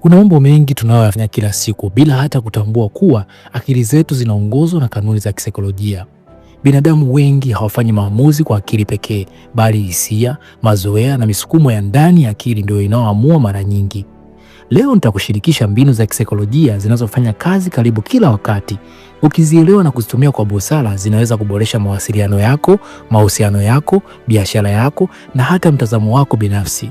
Kuna mambo mengi tunayoyafanya kila siku bila hata kutambua kuwa akili zetu zinaongozwa na kanuni za kisaikolojia. Binadamu wengi hawafanyi maamuzi kwa akili pekee, bali hisia, mazoea na misukumo ya ndani ya akili ndio inayoamua mara nyingi. Leo nitakushirikisha mbinu za kisaikolojia zinazofanya kazi karibu kila wakati. Ukizielewa na kuzitumia kwa busara, zinaweza kuboresha mawasiliano yako, mahusiano yako, biashara yako na hata mtazamo wako binafsi.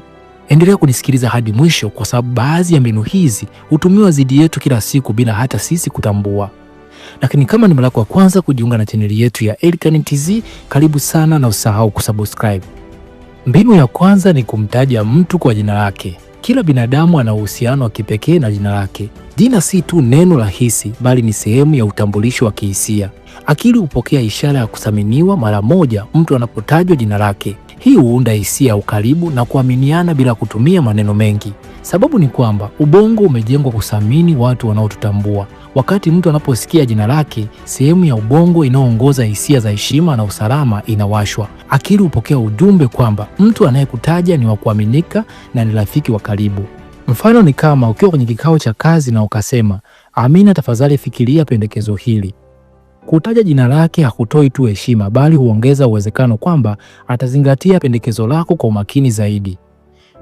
Endelea kunisikiliza hadi mwisho, kwa sababu baadhi ya mbinu hizi hutumiwa dhidi yetu kila siku bila hata sisi kutambua. Lakini kama ni mara yako ya kwanza kujiunga na chaneli yetu ya Elikhan TZ, karibu sana na usahau kusubscribe. Mbinu ya kwanza ni kumtaja mtu kwa jina lake. Kila binadamu ana uhusiano wa kipekee na jina lake. Jina si tu neno la hisi, bali ni sehemu ya utambulisho wa kihisia. Akili hupokea ishara ya kuthaminiwa mara moja mtu anapotajwa jina lake. Hii huunda hisia ya ukaribu na kuaminiana bila kutumia maneno mengi. Sababu ni kwamba ubongo umejengwa kuthamini watu wanaotutambua. Wakati mtu anaposikia jina lake, sehemu ya ubongo inayoongoza hisia za heshima na usalama inawashwa. Akili hupokea ujumbe kwamba mtu anayekutaja ni wa kuaminika na ni rafiki wa karibu. Mfano ni kama ukiwa kwenye kikao cha kazi na ukasema, Amina, tafadhali fikiria pendekezo hili. Kutaja jina lake hakutoi tu heshima, bali huongeza uwezekano kwamba atazingatia pendekezo lako kwa umakini zaidi.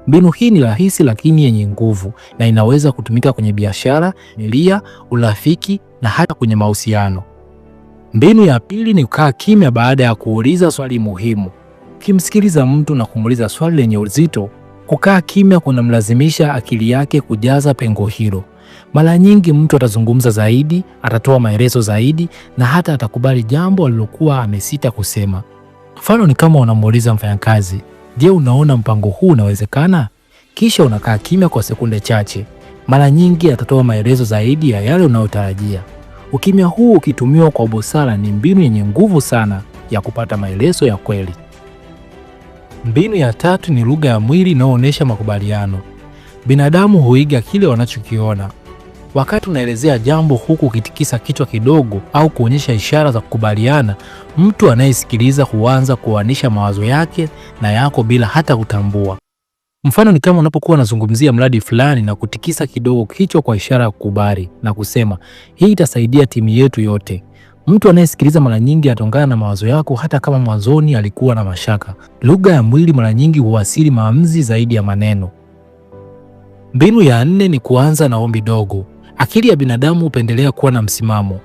Mbinu hii ni rahisi lakini yenye nguvu na inaweza kutumika kwenye biashara, familia, urafiki na hata kwenye mahusiano. Mbinu ya pili ni kukaa kimya baada ya kuuliza swali muhimu. Ukimsikiliza mtu na kumuuliza swali lenye uzito, kukaa kimya kunamlazimisha akili yake kujaza pengo hilo. Mara nyingi mtu atazungumza zaidi, atatoa maelezo zaidi na hata atakubali jambo alilokuwa amesita kusema. Mfano ni kama unamuuliza mfanyakazi Je, unaona mpango huu unawezekana? Kisha unakaa kimya kwa sekunde chache. Mara nyingi atatoa maelezo zaidi ya yale unayotarajia. Ukimya huu ukitumiwa kwa busara, ni mbinu yenye nguvu sana ya kupata maelezo ya kweli. Mbinu ya tatu ni lugha ya mwili inayoonyesha makubaliano. Binadamu huiga kile wanachokiona. Wakati unaelezea jambo huku ukitikisa kichwa kidogo au kuonyesha ishara za kukubaliana, mtu anayesikiliza huanza kuanisha mawazo yake na yako bila hata kutambua. Mfano ni kama unapokuwa unazungumzia mradi fulani na kutikisa kidogo kichwa kwa ishara ya kukubali na kusema hii itasaidia timu yetu yote. Mtu anayesikiliza mara nyingi atongana na mawazo yako hata kama mwanzoni alikuwa na mashaka. Lugha ya mwili mara nyingi huwasili maamuzi zaidi ya maneno. Mbinu ya nne ni kuanza na ombi dogo. Akili ya binadamu hupendelea kuwa na msimamo.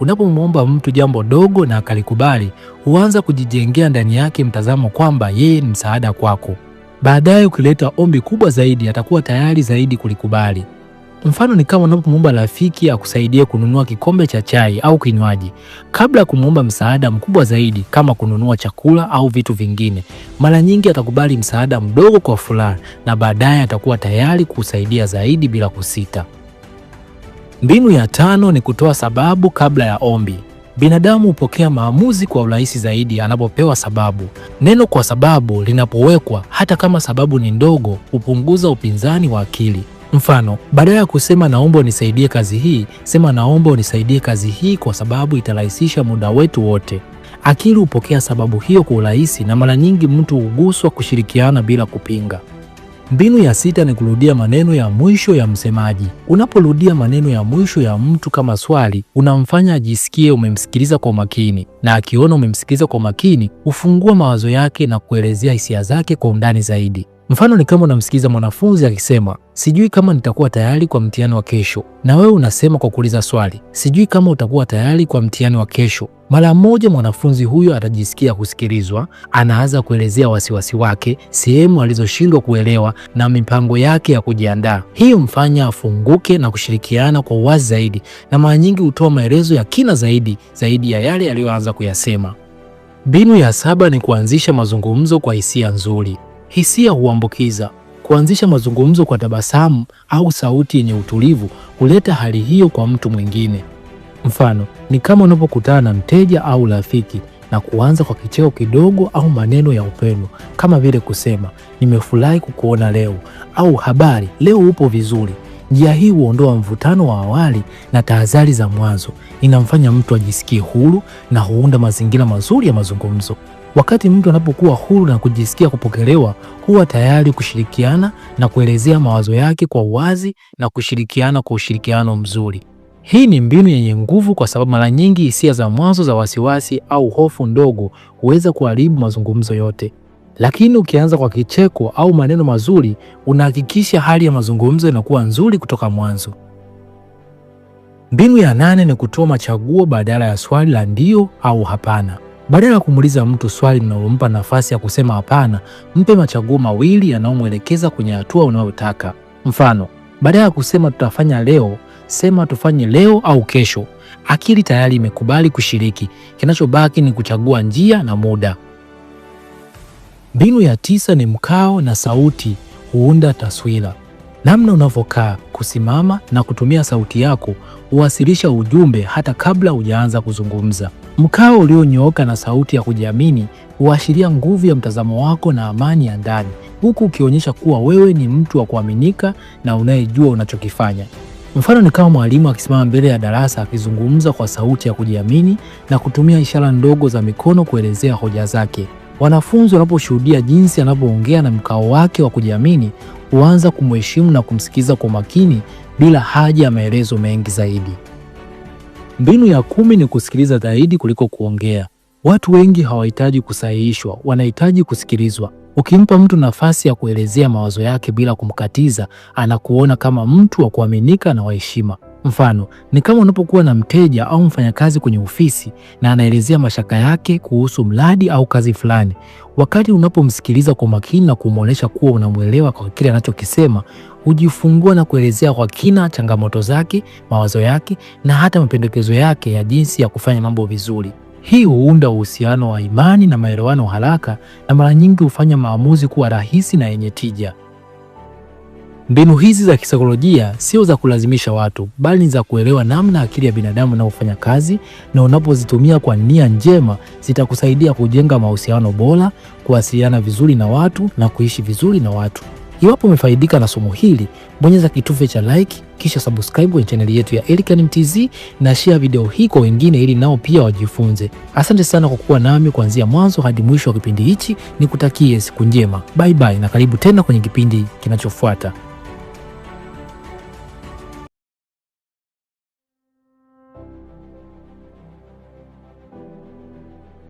Unapomwomba mtu jambo dogo na akalikubali, huanza kujijengea ndani yake mtazamo kwamba yeye ni msaada kwako. Baadaye ukileta ombi kubwa zaidi, atakuwa tayari zaidi kulikubali. Mfano ni kama unapomwomba rafiki akusaidie kununua kikombe cha chai au kinywaji, kabla ya kumwomba msaada mkubwa zaidi kama kununua chakula au vitu vingine. Mara nyingi atakubali msaada mdogo kwa furaha, na baadaye atakuwa tayari kusaidia zaidi bila kusita. Mbinu ya tano ni kutoa sababu kabla ya ombi. Binadamu hupokea maamuzi kwa urahisi zaidi anapopewa sababu. Neno kwa sababu linapowekwa, hata kama sababu ni ndogo, hupunguza upinzani wa akili. Mfano, badala ya kusema naomba unisaidie kazi hii, sema naomba unisaidie kazi hii kwa sababu itarahisisha muda wetu wote. Akili hupokea sababu hiyo kwa urahisi, na mara nyingi mtu huguswa kushirikiana bila kupinga. Mbinu ya sita ni kurudia maneno ya mwisho ya msemaji. Unaporudia maneno ya mwisho ya mtu kama swali, unamfanya ajisikie umemsikiliza kwa makini, na akiona umemsikiliza kwa makini, hufungua mawazo yake na kuelezea hisia zake kwa undani zaidi. Mfano ni kama unamsikiliza mwanafunzi akisema sijui kama nitakuwa tayari kwa mtihani wa kesho, na wewe unasema kwa kuuliza swali, sijui kama utakuwa tayari kwa mtihani wa kesho. Mara moja mwanafunzi huyo atajisikia kusikilizwa, anaanza kuelezea wasiwasi wake, sehemu alizoshindwa kuelewa na mipango yake ya kujiandaa. Hii mfanya afunguke na kushirikiana kwa uwazi zaidi, na mara nyingi hutoa maelezo ya kina zaidi zaidi ya yale aliyoanza kuyasema. Mbinu ya saba ni kuanzisha mazungumzo kwa hisia nzuri. Hisia huambukiza. Kuanzisha mazungumzo kwa tabasamu au sauti yenye utulivu huleta hali hiyo kwa mtu mwingine. Mfano ni kama unapokutana na mteja au rafiki na kuanza kwa kicheko kidogo au maneno ya upendo kama vile kusema nimefurahi kukuona leo au habari leo, upo vizuri. Njia hii huondoa mvutano wa awali na tahadhari za mwanzo, inamfanya mtu ajisikie huru na huunda mazingira mazuri ya mazungumzo. Wakati mtu anapokuwa huru na kujisikia kupokelewa, huwa tayari kushirikiana na kuelezea mawazo yake kwa uwazi na kushirikiana kwa ushirikiano mzuri. Hii ni mbinu yenye nguvu kwa sababu mara nyingi hisia za mwanzo za wasiwasi au hofu ndogo huweza kuharibu mazungumzo yote. Lakini ukianza kwa kicheko au maneno mazuri, unahakikisha hali ya mazungumzo inakuwa nzuri kutoka mwanzo. Mbinu ya nane ni kutoa machaguo badala ya swali la ndio au hapana. Badala ya kumuuliza mtu swali linalompa nafasi ya kusema hapana, mpe machaguo mawili yanayomwelekeza kwenye hatua unayotaka. Mfano, badala ya kusema tutafanya leo, sema tufanye leo au kesho. Akili tayari imekubali kushiriki, kinachobaki ni kuchagua njia na muda. Mbinu ya tisa ni mkao na sauti huunda taswira. Namna unavyokaa, kusimama na kutumia sauti yako huwasilisha ujumbe hata kabla hujaanza kuzungumza. Mkao ulionyooka na sauti ya kujiamini huashiria nguvu ya mtazamo wako na amani ya ndani, huku ukionyesha kuwa wewe ni mtu wa kuaminika na unayejua unachokifanya. Mfano ni kama mwalimu akisimama mbele ya darasa akizungumza kwa sauti ya kujiamini na kutumia ishara ndogo za mikono kuelezea hoja zake. Wanafunzi wanaposhuhudia jinsi anavyoongea na mkao wake wa kujiamini, huanza kumheshimu na kumsikiza kwa makini bila haja ya maelezo mengi zaidi. Mbinu ya kumi ni kusikiliza zaidi kuliko kuongea. Watu wengi hawahitaji kusahihishwa, wanahitaji kusikilizwa. Ukimpa mtu nafasi ya kuelezea mawazo yake bila kumkatiza, anakuona kama mtu wa kuaminika na wa heshima. Mfano ni kama unapokuwa na mteja au mfanyakazi kwenye ofisi na anaelezea mashaka yake kuhusu mradi au kazi fulani. Wakati unapomsikiliza kwa makini na kumwonyesha kuwa unamwelewa kwa kile anachokisema, hujifungua na kuelezea kwa kina changamoto zake, mawazo yake na hata mapendekezo yake ya jinsi ya kufanya mambo vizuri. Hii huunda uhusiano wa imani na maelewano haraka, na mara nyingi hufanya maamuzi kuwa rahisi na yenye tija. Mbinu hizi za kisaikolojia sio za kulazimisha watu, bali ni za kuelewa namna akili ya binadamu inavyofanya kazi, na unapozitumia kwa nia njema zitakusaidia kujenga mahusiano bora, kuwasiliana vizuri na watu na kuishi vizuri na watu. Iwapo umefaidika na somo hili, bonyeza kitufe cha like, kisha subscribe kwenye chaneli yetu ya Elikhan Mtz na share video hii kwa wengine ili nao pia wajifunze. Asante sana kwa kuwa nami kuanzia mwanzo hadi mwisho wa kipindi hichi. Nikutakie siku njema, bye bye, na karibu tena kwenye kipindi kinachofuata.